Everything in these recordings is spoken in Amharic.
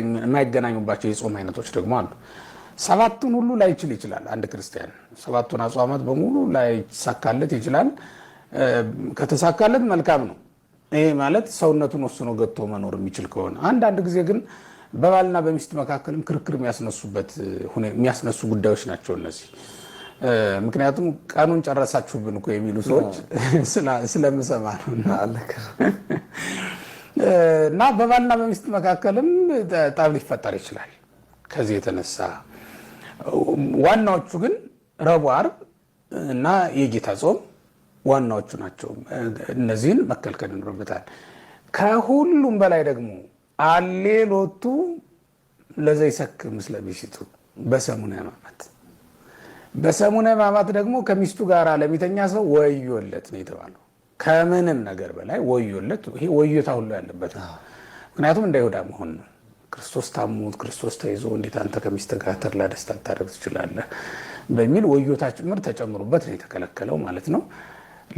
የማይገናኙባቸው የጾም አይነቶች ደግሞ አሉ። ሰባቱን ሁሉ ላይችል ይችላል። አንድ ክርስቲያን ሰባቱን አጽዋማት በሙሉ ላይሳካለት ይችላል። ከተሳካለት መልካም ነው። ይሄ ማለት ሰውነቱን ወስኖ ገጥቶ መኖር የሚችል ከሆነ አንዳንድ ጊዜ ግን በባልና በሚስት መካከልም ክርክር የሚያስነሱ ጉዳዮች ናቸው እነዚህ። ምክንያቱም ቀኑን ጨረሳችሁብን እኮ የሚሉ ሰዎች ስለምሰማ ነው። እና በባልና በሚስት መካከልም ጠብ ሊፈጠር ይችላል። ከዚህ የተነሳ ዋናዎቹ ግን ረቡዕ፣ ዓርብ እና የጌታ ጾም ዋናዎቹ ናቸው። እነዚህን መከልከል ይኖርበታል። ከሁሉም በላይ ደግሞ አሌሎቱ ሎቱ ለዘይሰክ ምስለ ቢሲቱ በሰሙነ ሕማማት በሰሙነ ሕማማት ደግሞ ከሚስቱ ጋር ለሚተኛ ሰው ወዮለት ነው የተባለው። ከምንም ነገር በላይ ወዮለት። ይሄ ወዮታ ሁሉ ያለበት ምክንያቱም እንደ ይሁዳ መሆን ነው። ክርስቶስ ታሙት ክርስቶስ ተይዞ እንዴት አንተ ከሚስት ጋር ተድላ ደስታ ልታደርግ ትችላለህ? በሚል ወዮታ ጭምር ተጨምሮበት ነው የተከለከለው ማለት ነው።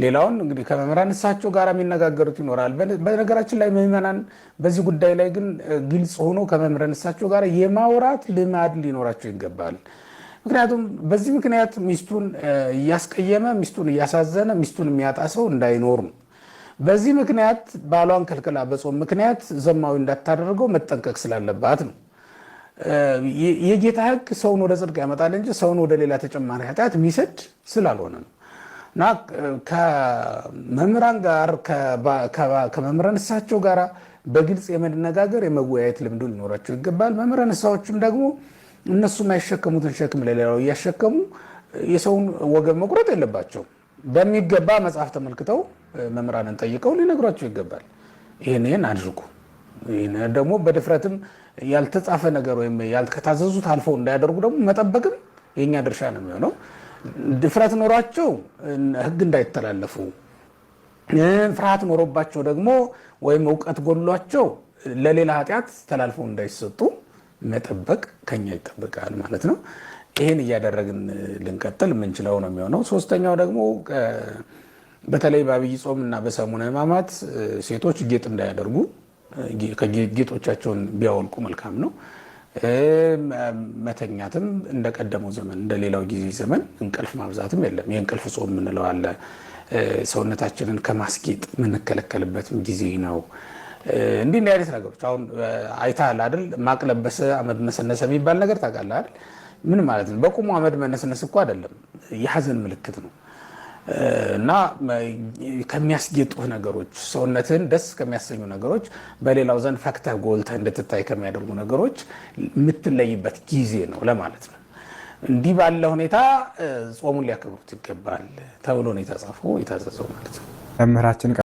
ሌላውን እንግዲህ ከመምህራን እሳቸው ጋር የሚነጋገሩት ይኖራል። በነገራችን ላይ ምዕመናን በዚህ ጉዳይ ላይ ግን ግልጽ ሆኖ ከመምህራን እሳቸው ጋር የማውራት ልማድ ሊኖራቸው ይገባል። ምክንያቱም በዚህ ምክንያት ሚስቱን እያስቀየመ ሚስቱን እያሳዘነ ሚስቱን የሚያጣ ሰው እንዳይኖር ነው። በዚህ ምክንያት ባሏን ከልክላ በጾም ምክንያት ዘማዊ እንዳታደርገው መጠንቀቅ ስላለባት ነው። የጌታ ሕግ ሰውን ወደ ጽድቅ ያመጣል እንጂ ሰውን ወደ ሌላ ተጨማሪ ኃጢአት የሚሰድ ስላልሆነ ነው እና ከመምህራን ጋር ከመምህራን እሳቸው ጋር በግልጽ የመነጋገር የመወያየት ልምዱ ሊኖራቸው ይገባል። መምህራን እሳዎችም ደግሞ እነሱ የማይሸከሙትን ሸክም ለሌላው እያሸከሙ የሰውን ወገብ መቁረጥ የለባቸው። በሚገባ መጽሐፍ ተመልክተው መምህራንን ጠይቀው ሊነግሯቸው ይገባል። ይህን ይህን አድርጉ። ደግሞ በድፍረትም ያልተጻፈ ነገር ወይም ያልከታዘዙት አልፎ እንዳያደርጉ ደግሞ መጠበቅም የእኛ ድርሻ ነው የሚሆነው። ድፍረት ኖሯቸው ህግ እንዳይተላለፉ ፍርሃት ኖሮባቸው ደግሞ ወይም እውቀት ጎሏቸው ለሌላ ኃጢአት ተላልፈው እንዳይሰጡ መጠበቅ ከኛ ይጠበቃል ማለት ነው። ይህን እያደረግን ልንቀጥል የምንችለው ነው የሚሆነው። ሶስተኛው ደግሞ በተለይ በአብይ ጾም እና በሰሙነ ሕማማት ሴቶች ጌጥ እንዳያደርጉ ጌጦቻቸውን ቢያወልቁ መልካም ነው። መተኛትም እንደቀደመው ዘመን እንደሌላው ጊዜ ዘመን እንቅልፍ ማብዛትም የለም። የእንቅልፍ ጾም የምንለው አለ። ሰውነታችንን ከማስጌጥ የምንከለከልበትም ጊዜ ነው። እንዲህ እንዲህ አይነት ነገሮች አሁን አይተሃል አይደል? ማቅ ለበሰ አመድ መሰነሰ የሚባል ነገር ታውቃለህ አይደል? ምን ማለት ነው? በቁሙ አመድ መነስነስ እኮ አይደለም፣ የሀዘን ምልክት ነው። እና ከሚያስጌጡህ ነገሮች፣ ሰውነትህን ደስ ከሚያሰኙ ነገሮች፣ በሌላው ዘንድ ፈክተህ ጎልተህ እንድትታይ ከሚያደርጉ ነገሮች የምትለይበት ጊዜ ነው ለማለት ነው። እንዲህ ባለ ሁኔታ ጾሙን ሊያከብሩት ይገባል ተብሎ ነው የተጻፈው የታዘዘው ማለት ነው። መምህራችን